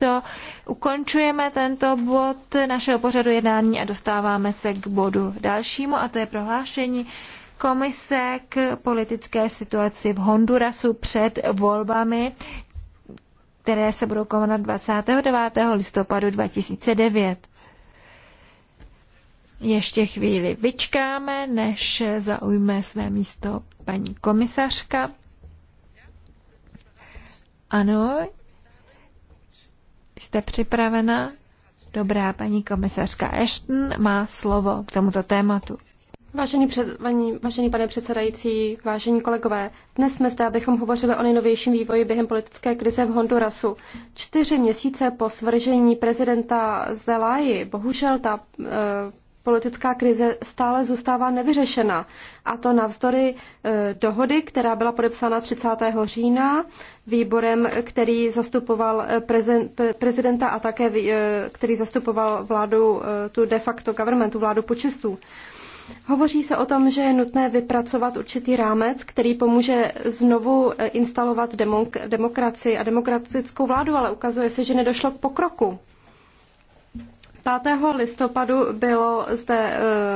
tímto ukončujeme tento bod našeho pořadu jednání a dostáváme se k bodu dalšímu a to je prohlášení komise k politické situaci v Hondurasu před volbami, které se budou konat 29. listopadu 2009. Ještě chvíli vyčkáme, než zaujme své místo paní komisařka. Ano, Jste připravena? Dobrá, paní komisařka Ashton má slovo k tomuto tématu. Vážený, před, vaní, vážený pane předsedající, vážení kolegové, dnes jsme zde, abychom hovořili o nejnovějším vývoji během politické krize v Hondurasu. Čtyři měsíce po svržení prezidenta Zelaji, bohužel ta Uh, politická krize stále zůstává nevyřešena. A to navzdory e, dohody, která byla podepsána 30. října výborem, který zastupoval e, prezidenta a také e, který zastupoval vládu, tu de facto governmentu vládu počistů. Hovoří se o tom, že je nutné vypracovat určitý rámec, který pomůže znovu instalovat demok- demokracii a demokratickou vládu, ale ukazuje se, že nedošlo k pokroku. 5. listopadu bylo zde,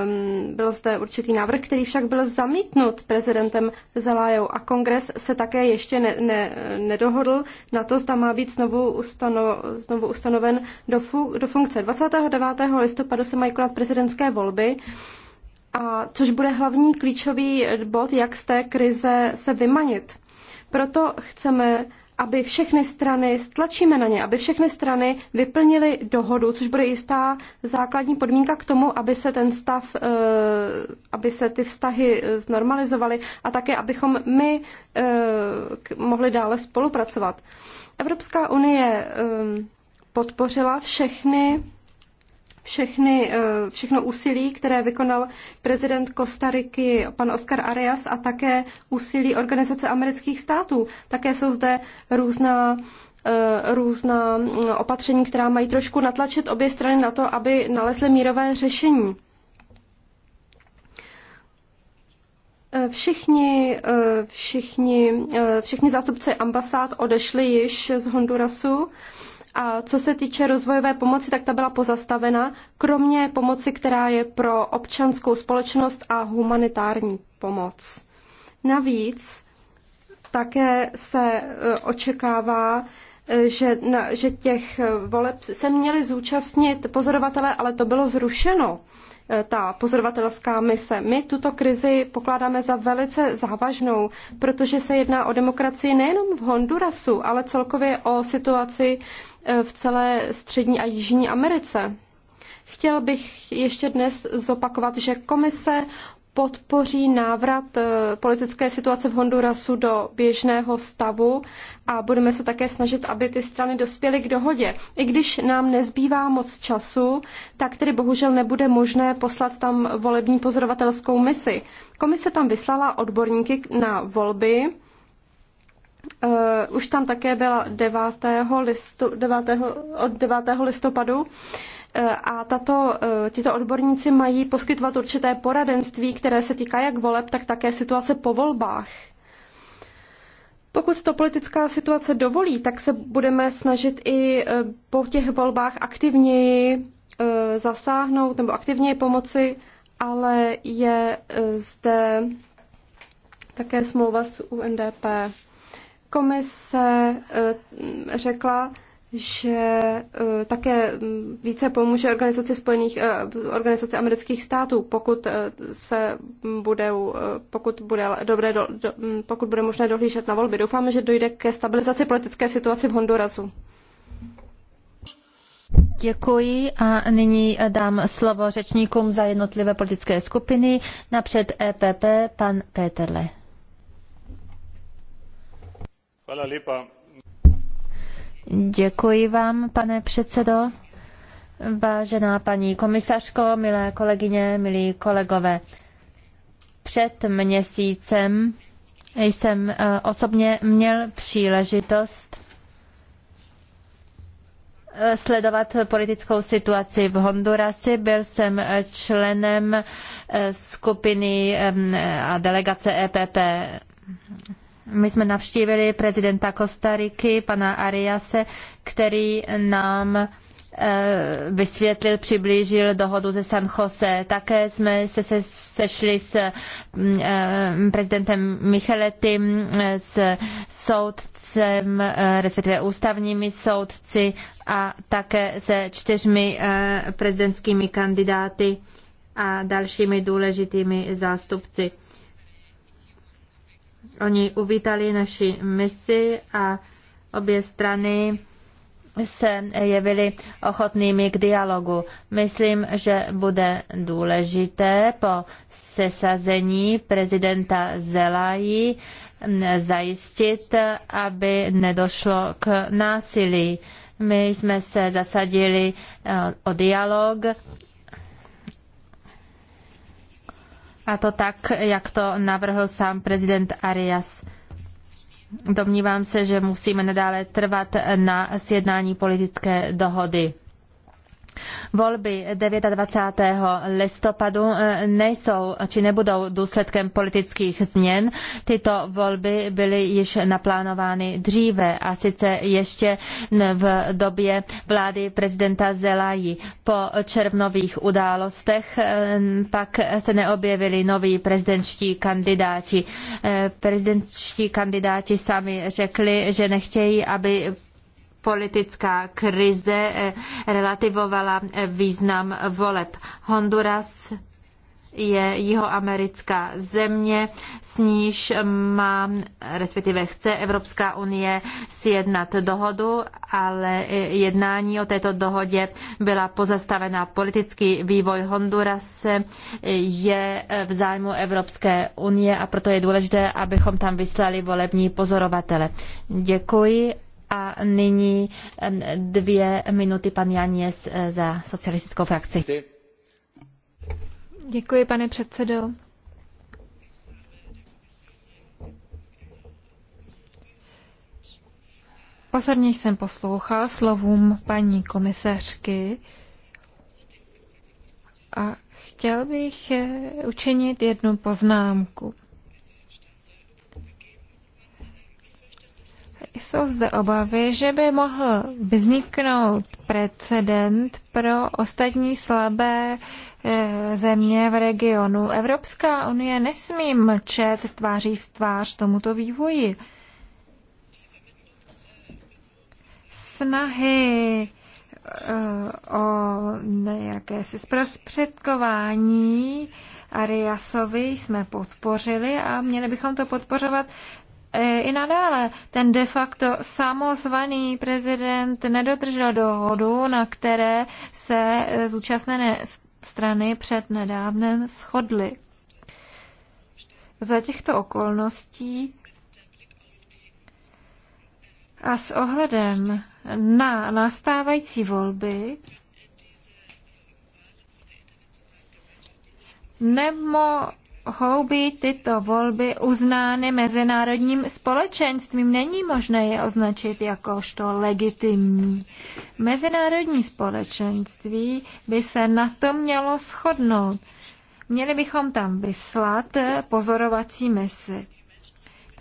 ehm, byl zde určitý návrh, který však byl zamítnut prezidentem Zelajou a kongres se také ještě ne, ne, nedohodl na to, zda má být znovu, ustano, znovu ustanoven do, fu, do funkce. 29. listopadu se mají konat prezidentské volby. A což bude hlavní klíčový bod, jak z té krize se vymanit. Proto chceme aby všechny strany, stlačíme na ně, aby všechny strany vyplnily dohodu, což bude jistá základní podmínka k tomu, aby se ten stav, eh, aby se ty vztahy eh, znormalizovaly a také, abychom my eh, mohli dále spolupracovat. Evropská unie podpořila všechny všechny, eh, všechno úsilí, které vykonal prezident Kostariky pan Oscar Arias a také úsilí Organizace amerických států. Také jsou zde různá eh, různá mm, opatření, která mají trošku natlačit obě strany na to, aby nalezly mírové řešení. Eh, všichni, všichni, všichni zástupci ambasád odešli již z Hondurasu. A co se týče rozvojové pomoci, tak ta byla pozastavena, kromě pomoci, která je pro občanskou společnost a humanitární pomoc. Navíc také se e, očekává, e, že, na, že těch e, voleb se měli zúčastnit pozorovatelé, ale to bylo zrušeno ta pozorovatelská mise. My tuto krizi pokládáme za velice závažnou, protože se jedná o demokracii nejenom v Hondurasu, ale celkově o situaci e, v celé střední a jižní Americe. Chtěl bych ještě dnes zopakovat, že komise podpoří návrat eh, politické situace v Hondurasu do běžného stavu a budeme se také snažit, aby ty strany dospěly k dohodě. I když nám nezbývá moc času, tak tedy bohužel nebude možné poslat tam volební pozorovatelskou misi. Komise tam vyslala odborníky na volby. Eh, už tam také byla 9. Listu, 9. od 9. listopadu. E, a tato, e, tyto odborníci mají poskytovat určité poradenství, které se týká jak voleb, tak také situace po volbách. Pokud to politická situace dovolí, tak se budeme snažit i e, po těch volbách aktivněji zasáhnout nebo aktivněji pomoci, ale je zde také smlouva s UNDP. Komise řekla, že eh, také mm, více pomůže organizaci spojených, eh, organizace amerických států, pokud eh, se bude, pokud bude, dobré, do, mm, pokud bude možné dohlížet na volby. Doufám, že dojde ke stabilizaci politické situace v Hondurasu. Děkuji a nyní dám slovo řečníkům za jednotlivé politické skupiny. Napřed EPP, pan Péterle. Hvala lepa Děkuji vám, pane předsedo. Vážená paní komisařko, milé kolegyně, milí kolegové, před měsícem jsem eh, osobně měl příležitost eh, sledovat politickou situaci v Hondurasi. Byl jsem eh, členem skupiny a delegace EPP my jsme navštívili prezidenta Kostariky, pana Ariase, který nám eh, vysvětlil, přiblížil dohodu ze San Jose. Také jsme se, se sešli s mm, eh, prezidentem Micheletym, eh, s soudcem, respektive ústavními soudci a také se čtyřmi prezidentskými kandidáty a dalšími důležitými zástupci. Oni uvítali naši misi a obě strany se jevili ochotnými k dialogu. Myslím, že bude důležité po sesazení prezidenta Zelají zajistit, aby nedošlo k násilí. My jsme se zasadili eh, o dialog A to tak, jak to navrhl sám prezident Arias. Domnívám se, že musíme nadále trvat na sjednání politické dohody. Volby 29. listopadu eh, nejsou či nebudou důsledkem politických změn. Tyto volby byly již naplánovány dříve a sice ještě v době vlády prezidenta Zelají. Po červnových událostech eh, pak se neobjevili noví prezidentští kandidáti. Eh, prezidentští kandidáti sami řekli, že nechtějí, aby politická krize eh, relativovala eh, význam voleb. Honduras je jihoamerická země, s níž má, respektive chce Evropská unie sjednat dohodu, ale eh, jednání o této dohodě byla pozastavena. Politický vývoj Hondurase je v zájmu Evropské unie a proto je důležité, abychom tam vyslali volební pozorovatele. Děkuji a nyní dvě minuty pan Janěs eh, za socialistickou frakci. Děkuji, pane předsedo. Pozorně jsem poslouchal slovům paní komisařky a chtěl bych eh, učinit jednu poznámku. jsou zde obavy, že by mohl vzniknout precedent pro ostatní slabé eh, země v regionu. Evropská unie nesmí mlčet tváří v tvář tomuto vývoji. Snahy eh, o si zprostředkování Ariasovi jsme podpořili a měli bychom to podpořovat E, i nadále ten de facto samozvaný prezident nedodržel dohodu, na které se e, zúčastněné strany před nedávnem shodly. Za těchto okolností a s ohledem na nastávající volby nemo, být tyto volby uznány mezinárodním společenstvím. Není možné je označit jakožto legitimní. Mezinárodní společenství by se na to mělo shodnout. Měli bychom tam vyslat pozorovací misi.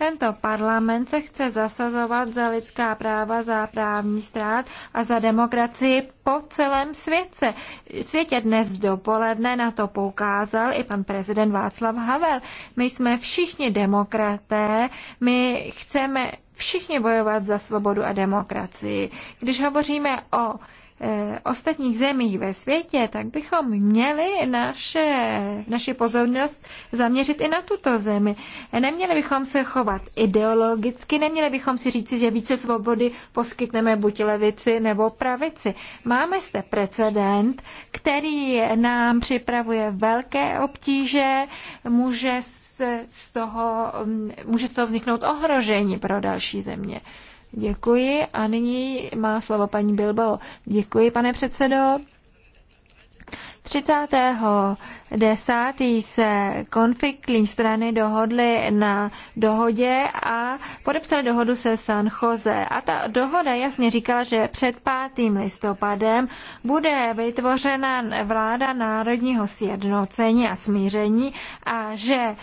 Tento parlament se chce zasazovat za lidská práva, za právní stát a za demokracii po celém světce. Světě dnes dopoledne na to poukázal i pan prezident Václav Havel. My jsme všichni demokraté, my chceme všichni bojovat za svobodu a demokracii. Když hovoříme o Eh, ostatních zemích ve světě, tak bychom měli naše, naši pozornost zaměřit i na tuto zemi. Neměli bychom se chovat ideologicky, neměli bychom si říci, že více svobody poskytneme buď levici nebo pravici. Máme zde precedent, který nám připravuje velké obtíže, může z toho, mm, může z toho vzniknout ohrožení pro další země. Děkuji a nyní má slovo paní Bilbo. Děkuji, pane předsedo. 30 desátý se konfliktní strany dohodly na dohodě a podepsali dohodu se San Jose. A ta dohoda jasně říkala, že před 5. listopadem bude vytvořena vláda národního sjednocení a smíření a že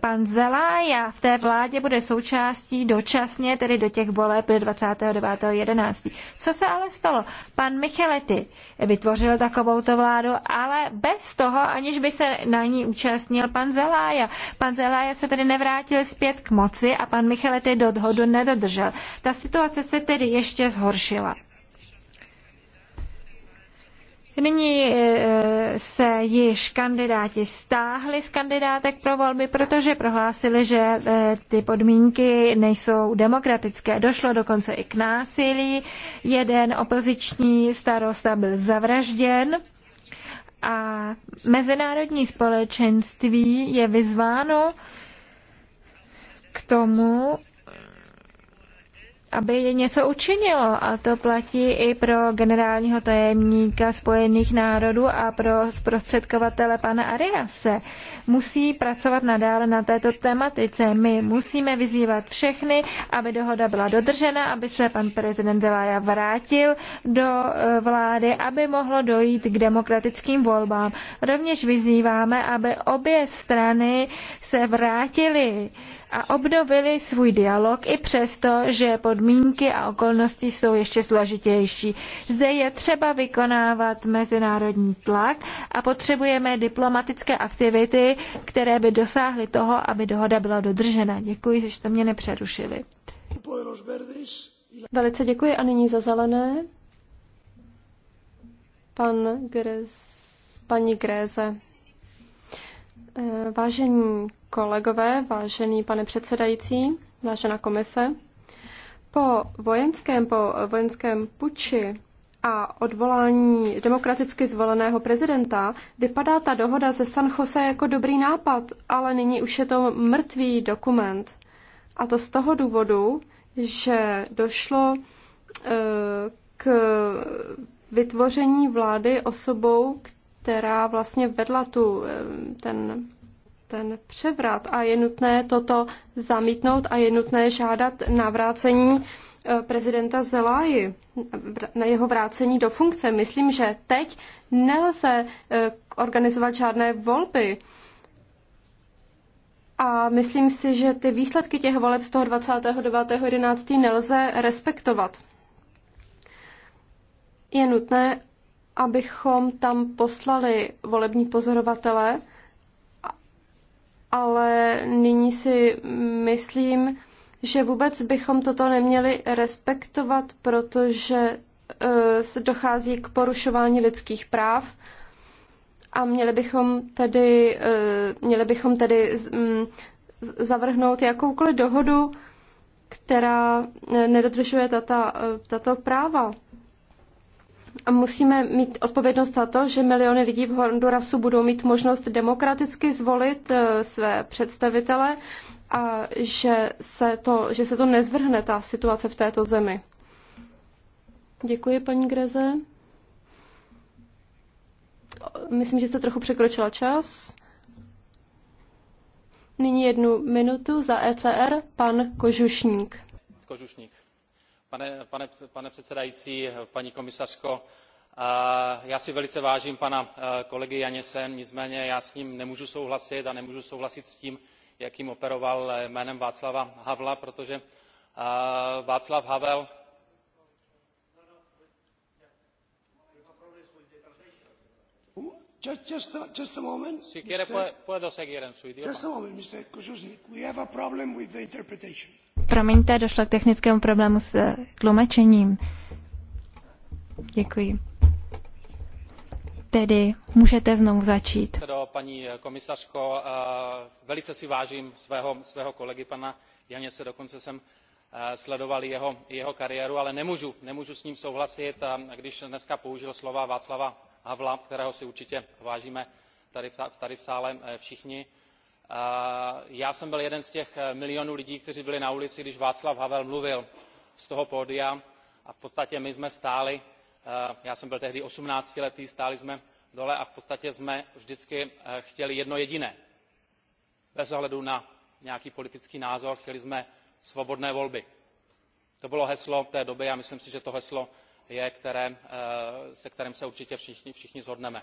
pan Zelája v té vládě bude součástí dočasně, tedy do těch voleb 29.11. Co se ale stalo? Pan Michelety vytvořil takovouto vládu, ale bez toho, aniž by se na ní účastnil pan Zelája. Pan Zelája se tedy nevrátil zpět k moci a pan Michele dohodu nedodržel. Ta situace se tedy ještě zhoršila. Nyní e, se již kandidáti stáhli z kandidátek pro volby, protože prohlásili, že e, ty podmínky nejsou demokratické. Došlo dokonce i k násilí. Jeden opoziční starosta byl zavražděn a mezinárodní společenství je vyzváno k tomu, aby něco učinilo. A to platí i pro generálního tajemníka Spojených národů a pro zprostředkovatele pana Ariase. Musí pracovat nadále na této tematice. My musíme vyzývat všechny, aby dohoda byla dodržena, aby se pan prezident Zelaya vrátil do e, vlády, aby mohlo dojít k demokratickým volbám. Rovněž vyzýváme, aby obě strany se vrátily a obnovili svůj dialog i přesto, že podmínky a okolnosti jsou ještě složitější. Zde je třeba vykonávat mezinárodní tlak a potřebujeme diplomatické aktivity, které by dosáhly toho, aby dohoda byla dodržena. Děkuji, že jste mě nepřerušili. Velice děkuji a nyní za zelené. Pan Grez, paní Gréze. Eh, vážení kolegové, vážený pane předsedající, vážená komise, po vojenském, po vojenském puči a odvolání demokraticky zvoleného prezidenta vypadá ta dohoda ze San Jose jako dobrý nápad, ale nyní už je to mrtvý dokument. A to z toho důvodu, že došlo e, k vytvoření vlády osobou, která vlastně vedla tu, e, ten ten převrat a je nutné toto zamítnout a je nutné žádat navrácení eh, prezidenta Zeláji, na jeho vrácení do funkce. Myslím, že teď nelze eh, organizovat žádné volby. A myslím si, že ty výsledky těch voleb z toho 29.11. nelze respektovat. Je nutné, abychom tam poslali volební pozorovatele, ale nyní si myslím, že vůbec bychom toto neměli respektovat, protože eh, se dochází k porušování lidských práv a měli bychom tedy, eh, měli bychom tedy mm, zavrhnout jakoukoliv dohodu, která eh, nedodržuje tato, tato práva a musíme mít odpovědnost za to, že miliony lidí v Hondurasu budou mít možnost demokraticky zvolit eh, své představitele a že se to, že se to nezvrhne, ta situace v této zemi. Děkuji, paní Greze. Myslím, že jste trochu překročila čas. Nyní jednu minutu za ECR, pan Kožušník. Kožušník Pane, předsedající paní komisařko já si velice vážím pana kolegy janese nicméně já s ním nemůžu souhlasit a nemůžu souhlasit s tím jakým operoval e, jménem václava havla protože václav havel Just, a moment, si puedo seguir en su idioma. Just a moment, Mr. We have a problem with the interpretation. Promiňte, došlo k technickému problému s eh, tlumečením. Děkuji. Tedy můžete znovu začít. Paní eh, komisařko, velice si vážím svého, svého kolegy, pana Janěse, dokonce jsem eh, sledoval jeho, jeho kariéru, ale nemůžu, nemůžu s ním souhlasit, když dneska použil slova Václava Havla, kterého si určitě vážíme tady v, tady v sále všichni já jsem byl jeden z těch eh, milionů lidí kteří byli na ulici když václav havel mluvil z toho pódia a v podstatě my jsme stáli eh, já jsem byl tehdy osmnáctiletý stáli jsme dole a v podstatě jsme vždycky eh, chtěli jedno jediné bez ohledu na nějaký politický názor chtěli jsme svobodné volby. to bylo heslo té doby a myslím si že to heslo je heslo se kterým se určitě všichni shodneme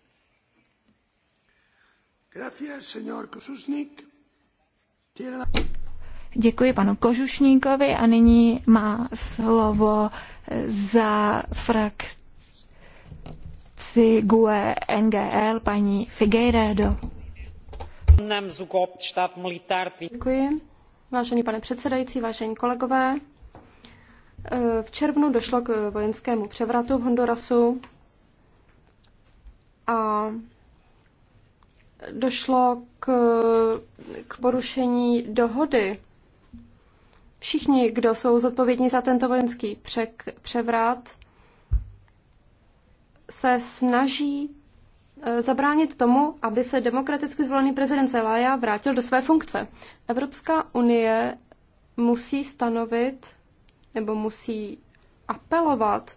Děkuji panu Kožušníkovi a nyní má slovo za frakci GUE NGL paní Figueiredo. Děkuji. Vážený pane předsedající, vážení kolegové, v červnu došlo k vojenskému převratu v Hondurasu a došlo k, k porušení dohody. Všichni, kdo jsou zodpovědní za tento vojenský přek, převrat, se snaží eh, zabránit tomu, aby se demokraticky zvolený prezident Zelaya vrátil do své funkce. Evropská unie musí stanovit nebo musí apelovat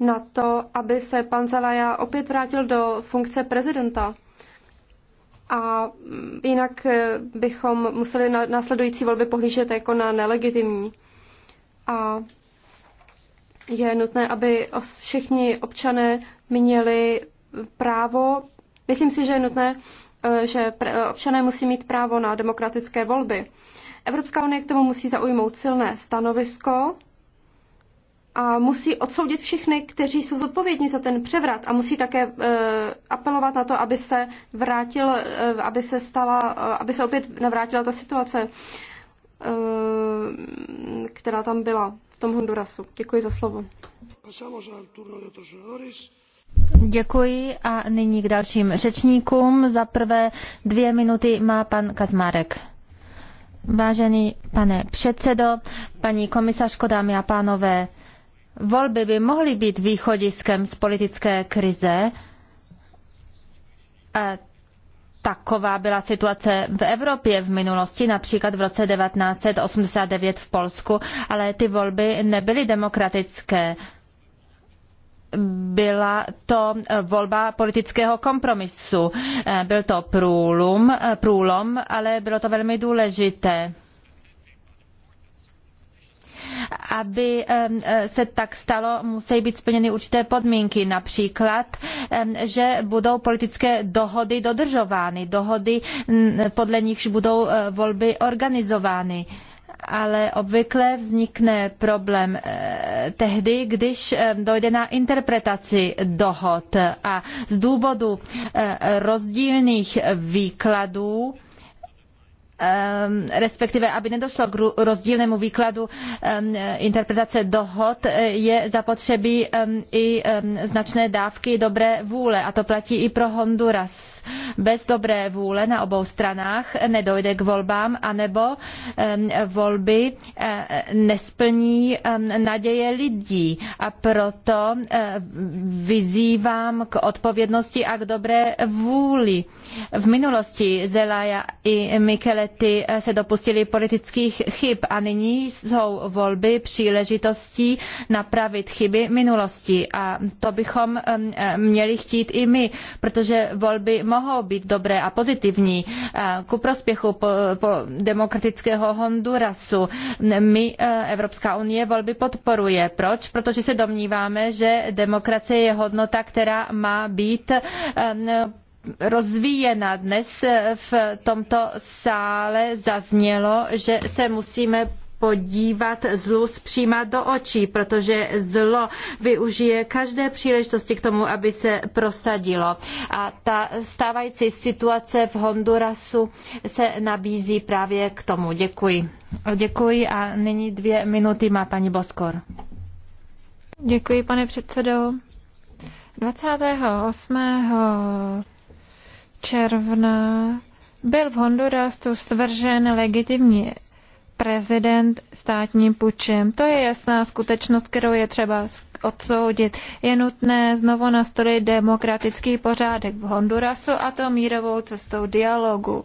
na to, aby se pan Zelaya opět vrátil do funkce prezidenta a jinak eh, bychom museli na následující volby pohlížet jako na nelegitimní. A je nutné, aby všichni občané měli právo, myslím si, že je nutné, eh, že občané musí mít právo na demokratické volby. Evropská unie k tomu musí zaujmout silné stanovisko, a musí odsoudit všechny, kteří jsou zodpovědní za ten převrat a musí také uh, apelovat na to, aby se vrátil, uh, aby se stala, uh, aby se opět navrátila ta situace, uh, která tam byla v tom Hondurasu. Děkuji za slovo. Děkuji a nyní k dalším řečníkům. Za prvé dvě minuty má pan Kazmarek. Vážený pane předsedo, paní komisařko, dámy a pánové, Volby by mohly být východiskem z politické krize. A taková byla situace v Evropě v minulosti, například v roce 1989 v Polsku, ale ty volby nebyly demokratické byla to volba politického kompromisu. Byl to průlom, průlom ale bylo to velmi důležité. Aby e, se tak stalo, musí být splněny určité podmínky, například, že budou politické dohody dodržovány, dohody, podle nichž budou e, volby organizovány ale obvykle vznikne problém e, tehdy, když dojde na interpretaci dohod a z důvodu rozdílných výkladů Ehm, respektive aby nedošlo k rozdílnému výkladu ehm, interpretace dohod, eh, je zapotřebí ehm, i značné dávky dobré vůle. A to platí i pro Honduras bez dobré vůle na obou stranách nedojde k volbám, anebo volby nesplní naděje lidí. A proto vyzývám k odpovědnosti a k dobré vůli. V minulosti Zelaja i Mikelety eh, se dopustili politických chyb a nyní jsou volby příležitostí napravit chyby minulosti. A to bychom měli chtít i my, protože volby mohou být dobré a pozitivní eh, ku prospěchu po, po demokratického Hondurasu. My, eh, Evropská unie, volby podporuje. Proč? Protože se domníváme, že demokracie je hodnota, která má být eh, rozvíjena. Dnes v tomto sále zaznělo, že se musíme podívat zlu zpříma do očí, protože zlo využije každé příležitosti k tomu, aby se prosadilo. A ta stávající situace v Hondurasu se nabízí právě k tomu. Děkuji. Děkuji a nyní dvě minuty má paní Boskor. Děkuji, pane předsedo. 28. června byl v Hondurasu svržen legitimní prezident státním pučem. To je jasná skutečnost, kterou je třeba odsoudit. Je nutné znovu nastolit demokratický pořádek v Hondurasu a to mírovou cestou dialogu.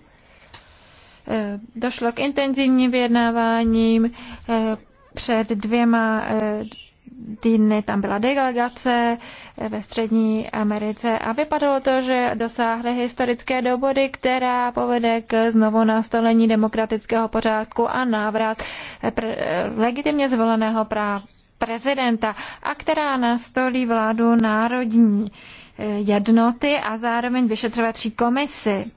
Eh, došlo k intenzivním vyjednáváním eh, před dvěma eh, týdny tam byla delegace ve Střední Americe a vypadalo to, že dosáhly historické dobody, která povede k znovu nastolení demokratického pořádku a návrat legitimně zvoleného práv prezidenta a která nastolí vládu národní jednoty a zároveň vyšetřovací komisi.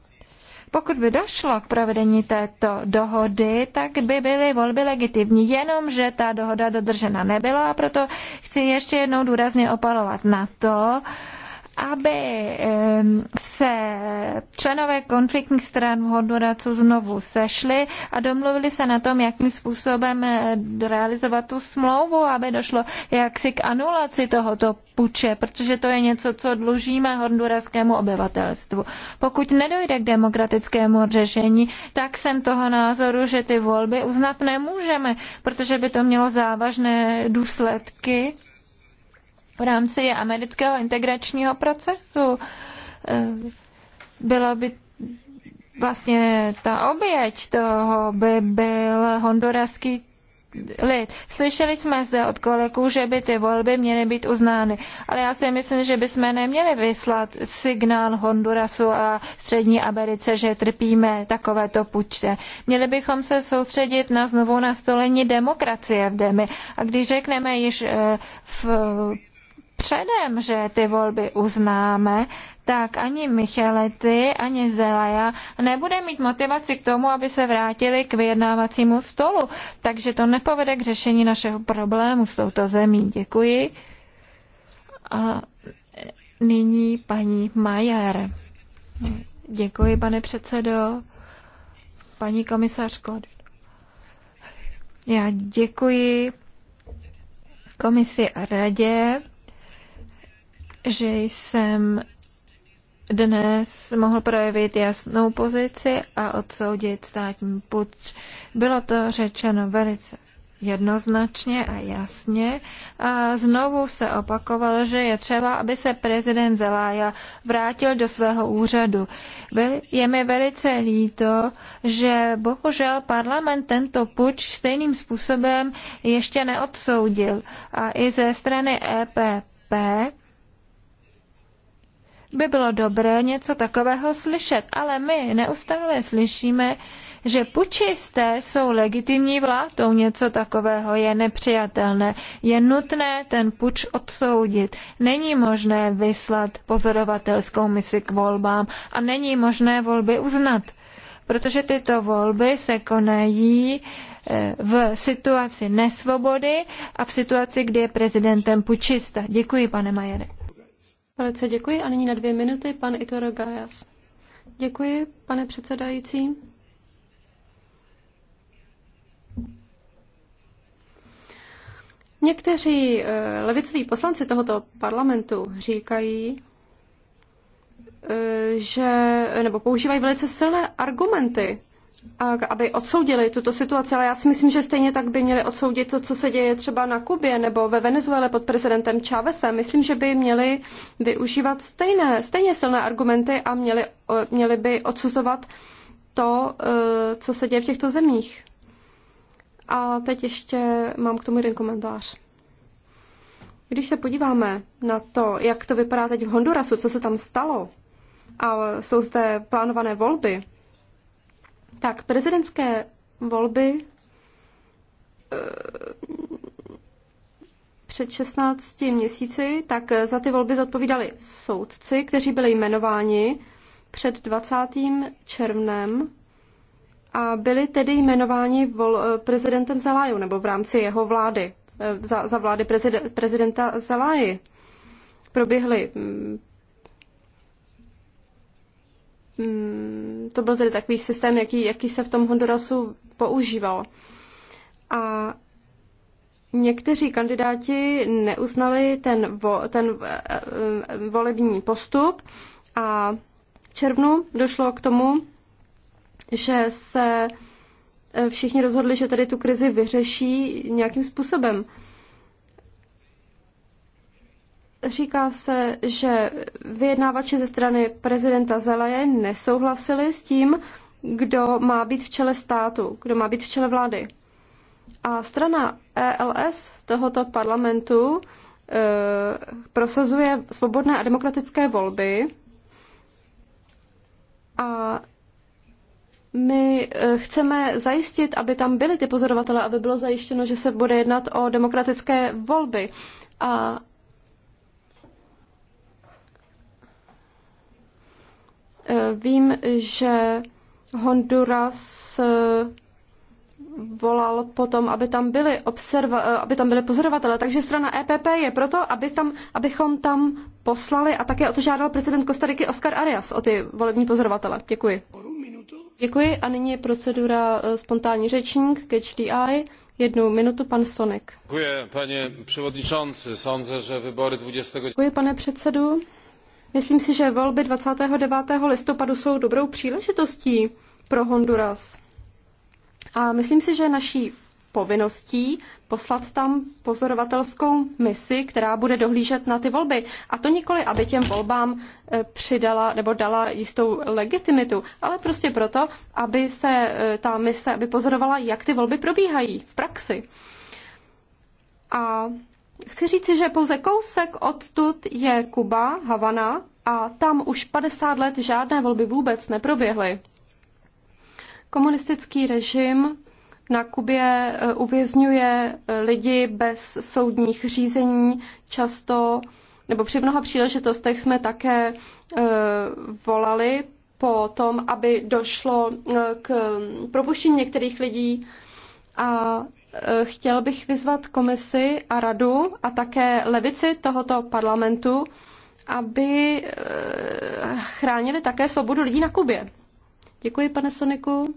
Pokud by došlo k provedení této dohody, tak by byly volby legitimní, jenomže ta dohoda dodržena nebyla a proto chci ještě jednou důrazně opalovat na to, aby se členové konfliktních stran v Honduracu znovu sešli a domluvili se na tom, jakým způsobem eh, realizovat tu smlouvu, aby došlo jaksi k anulaci tohoto puče, protože to je něco, co dlužíme honduraskému obyvatelstvu. Pokud nedojde k demokratickému řešení, tak jsem toho názoru, že ty volby uznat nemůžeme, protože by to mělo závažné důsledky v rámci amerického integračního procesu. Eh, bylo by vlastně ta oběť toho by byl honduraský lid. Slyšeli jsme zde od koleků, že by ty volby měly být uznány, ale já si myslím, že bychom neměli vyslat signál Hondurasu a Střední Americe, že trpíme takovéto pučte. Měli bychom se soustředit na znovu nastolení demokracie v Demi. A když řekneme již eh, v předem, že ty volby uznáme, tak ani Michelety, ani Zelaja nebude mít motivaci k tomu, aby se vrátili k vyjednávacímu stolu. Takže to nepovede k řešení našeho problému s touto zemí. Děkuji. A nyní paní Majer. Děkuji, pane předsedo. Paní komisařko, já děkuji komisi a radě že jsem dnes mohl projevit jasnou pozici a odsoudit státní puč. Bylo to řečeno velice jednoznačně a jasně. A znovu se opakovalo, že je třeba, aby se prezident Zelája vrátil do svého úřadu. Je mi velice líto, že bohužel parlament tento puč stejným způsobem ještě neodsoudil. A i ze strany EPP by bylo dobré něco takového slyšet, ale my neustále slyšíme, že pučisté jsou legitimní vládou. Něco takového je nepřijatelné. Je nutné ten puč odsoudit. Není možné vyslat pozorovatelskou misi k volbám a není možné volby uznat, protože tyto volby se konají eh, v situaci nesvobody a v situaci, kdy je prezidentem pučista. Děkuji, pane Majere. Velice děkuji a nyní na dvě minuty pan Itoro Gajas. Děkuji, pane předsedající. Někteří eh, levicoví poslanci tohoto parlamentu říkají, eh, že, nebo používají velice silné argumenty aby odsoudili tuto situaci, ale já si myslím, že stejně tak by měli odsoudit to, co se děje třeba na Kubě nebo ve Venezuele pod prezidentem Chávezem. Myslím, že by měli využívat stejné, stejně silné argumenty a měli, měli by odsuzovat to, e, co se děje v těchto zemích. A teď ještě mám k tomu jeden komentář. Když se podíváme na to, jak to vypadá teď v Hondurasu, co se tam stalo, a jsou zde plánované volby, tak, prezidentské volby eh, před 16 měsíci, tak eh, za ty volby zodpovídali soudci, kteří byli jmenováni před 20. červnem a byli tedy jmenováni vol, eh, prezidentem Zaláju, nebo v rámci jeho vlády, za, za vlády prezidenta Zaláji. Proběhly mm, Mm, to byl tedy takový systém, jaký, jaký se v tom Hondurasu používal. A Někteří kandidáti neuznali ten, vo, ten eh, eh, volební postup a v červnu došlo k tomu, že se eh, všichni rozhodli, že tady tu krizi vyřeší nějakým způsobem. Říká se, že vyjednávači ze strany prezidenta Zeleje nesouhlasili s tím, kdo má být v čele státu, kdo má být v čele vlády. A strana ELS tohoto parlamentu e, prosazuje svobodné a demokratické volby a my eh, chceme zajistit, aby tam byly ty pozorovatele, aby bylo zajištěno, že se bude jednat o demokratické volby. A Eh, vím, že Honduras eh, volal potom, aby tam byli, observa- eh, aby tam byly pozorovatelé. Takže strana EPP je proto, aby tam, abychom tam poslali a také o to žádal prezident Kostariky Oscar Arias o ty volební pozorovatele. Děkuji. Děkuji a nyní je procedura spontánní řečník ke HDI. Jednu minutu pan Sonek. Děkuji, pane předsedající. že vybory 20. Děkuji, pane předsedu. Myslím si, že volby 29. listopadu jsou dobrou příležitostí pro Honduras. A myslím si, že naší povinností poslat tam pozorovatelskou misi, která bude dohlížet na ty volby. A to nikoli, aby těm volbám e, přidala nebo dala jistou legitimitu, ale prostě proto, aby se e, ta mise aby pozorovala, jak ty volby probíhají v praxi. A Chci říci, že pouze kousek odtud je Kuba, Havana, a tam už 50 let žádné volby vůbec neproběhly. Komunistický režim na Kubě eh, uvězňuje eh, lidi bez soudních řízení, často nebo při mnoha příležitostech jsme také eh, volali po tom, aby došlo k propuštění některých lidí a Eh, chtěl bych vyzvat komisi a radu a také levici tohoto parlamentu, aby eh, chránili také svobodu lidí na Kubě. Děkuji, pane Soniku.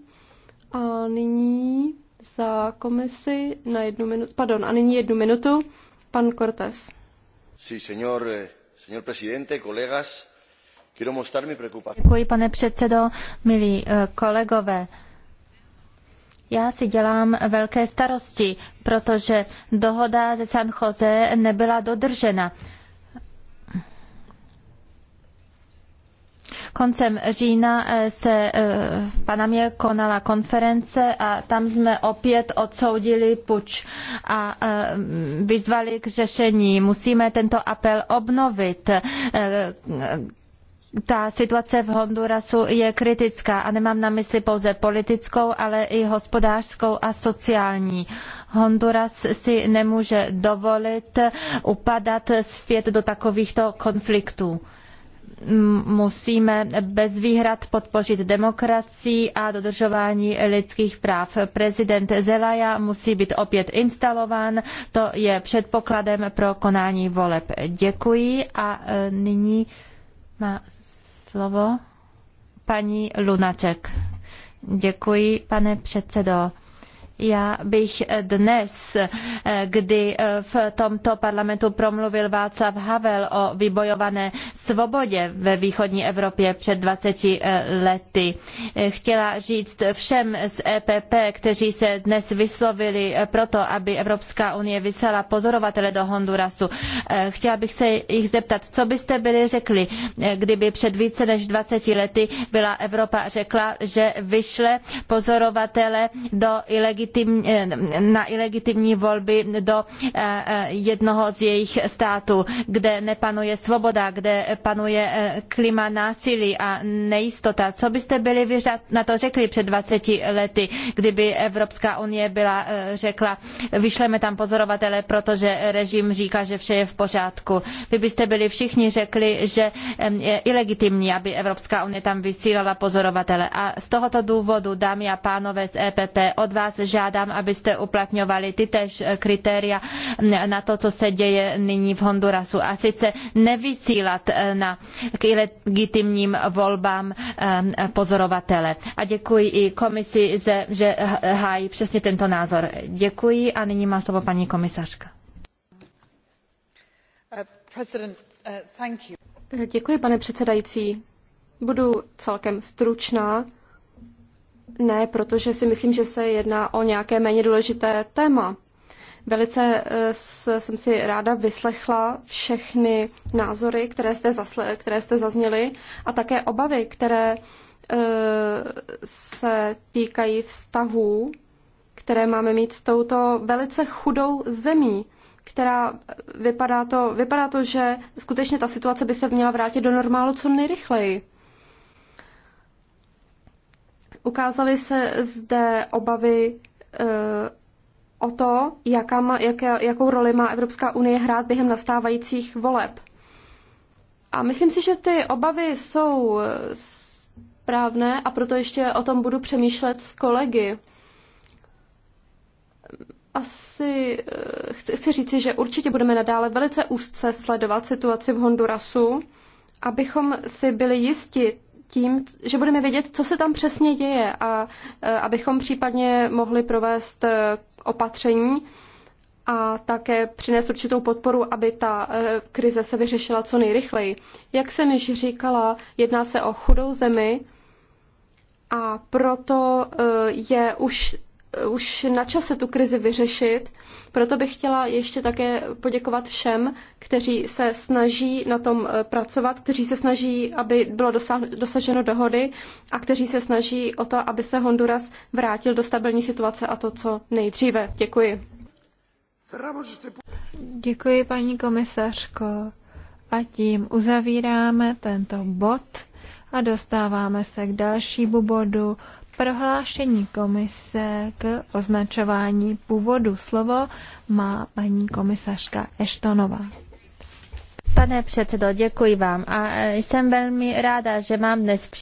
A nyní za komisi na jednu minutu, pardon, a nyní jednu minutu, pan Cortés. Sí, señor, eh, señor presidente, colegas, quiero mostrar mi preocupación. Děkuji, pane předsedo, milí kolegové. Já si dělám velké starosti, protože dohoda ze San Jose nebyla dodržena. Koncem října eh, se eh, v Panamě konala konference a tam jsme opět odsoudili puč a eh, vyzvali k řešení. Musíme tento apel obnovit ta situace v Hondurasu je kritická a nemám na mysli pouze politickou, ale i hospodářskou a sociální. Honduras si nemůže dovolit upadat zpět do takovýchto konfliktů musíme bez výhrad podpořit demokracii a dodržování lidských práv. Prezident Zelaja musí být opět instalován, to je předpokladem pro konání voleb. Děkuji a e, nyní má slovo paní Lunaček. Děkuji, pane předsedo. Já bych dnes, eh, kdy eh, v tomto parlamentu promluvil Václav Havel o vybojované svobodě ve východní Evropě před 20 eh, lety, chtěla říct všem z EPP, kteří se dnes vyslovili proto, aby Evropská unie vyslala pozorovatele do Hondurasu. Chtěla bych se jich zeptat, co byste byli řekli, kdyby před více než 20 lety byla Evropa řekla, že vyšle pozorovatele do ilegální Eh, na ilegitimní volby do eh, jednoho z jejich států, kde nepanuje svoboda, kde panuje eh, klima násilí a nejistota. Co byste byli vy na to řekli před 20 lety, kdyby Evropská unie byla řekla, vyšleme tam pozorovatele, protože režim říká, že vše je v pořádku. Vy byste byli všichni řekli, že je ilegitimní, aby Evropská unie tam vysílala pozorovatele. A z tohoto důvodu, dámy a pánové z EPP, od vás žádám, abyste uplatňovali ty tež kritéria na to, co se děje nyní v Hondurasu. A sice nevysílat eh, na, k legitimním volbám eh, pozorovatele. A děkuji i komisi, že hájí přesně tento názor. Děkuji a nyní má slovo paní komisařka. Uh, uh, děkuji, pane předsedající. Budu celkem stručná. Ne, protože si myslím, že se jedná o nějaké méně důležité téma. Velice eh, jsem si ráda vyslechla všechny názory, které jste, zasle, které jste zazněli a také obavy, které eh, se týkají vztahů, které máme mít s touto velice chudou zemí, která vypadá to, vypadá to, že skutečně ta situace by se měla vrátit do normálu co nejrychleji. Ukázaly se zde obavy eh, o to, jaká má, jaké, jakou roli má Evropská unie hrát během nastávajících voleb. A myslím si, že ty obavy jsou eh, správné a proto ještě o tom budu přemýšlet s kolegy. Asi eh, chci, chci říci, že určitě budeme nadále velice úzce sledovat situaci v Hondurasu, abychom si byli jisti tím, že budeme vědět, co se tam přesně děje a e, abychom případně mohli provést e, opatření a také přinést určitou podporu, aby ta e, krize se vyřešila co nejrychleji. Jak jsem již říkala, jedná se o chudou zemi a proto je už už na čase tu krizi vyřešit. Proto bych chtěla ještě také poděkovat všem, kteří se snaží na tom eh, pracovat, kteří se snaží, aby bylo dosaženo dohody a kteří se snaží o to, aby se Honduras vrátil do stabilní situace a to co nejdříve. Děkuji. Děkuji, paní komisařko. A tím uzavíráme tento bod a dostáváme se k dalšímu bodu prohlášení komise k označování původu. Slovo má paní komisařka Eštonová. Pane předsedo, děkuji vám a e, jsem velmi ráda, že mám dnes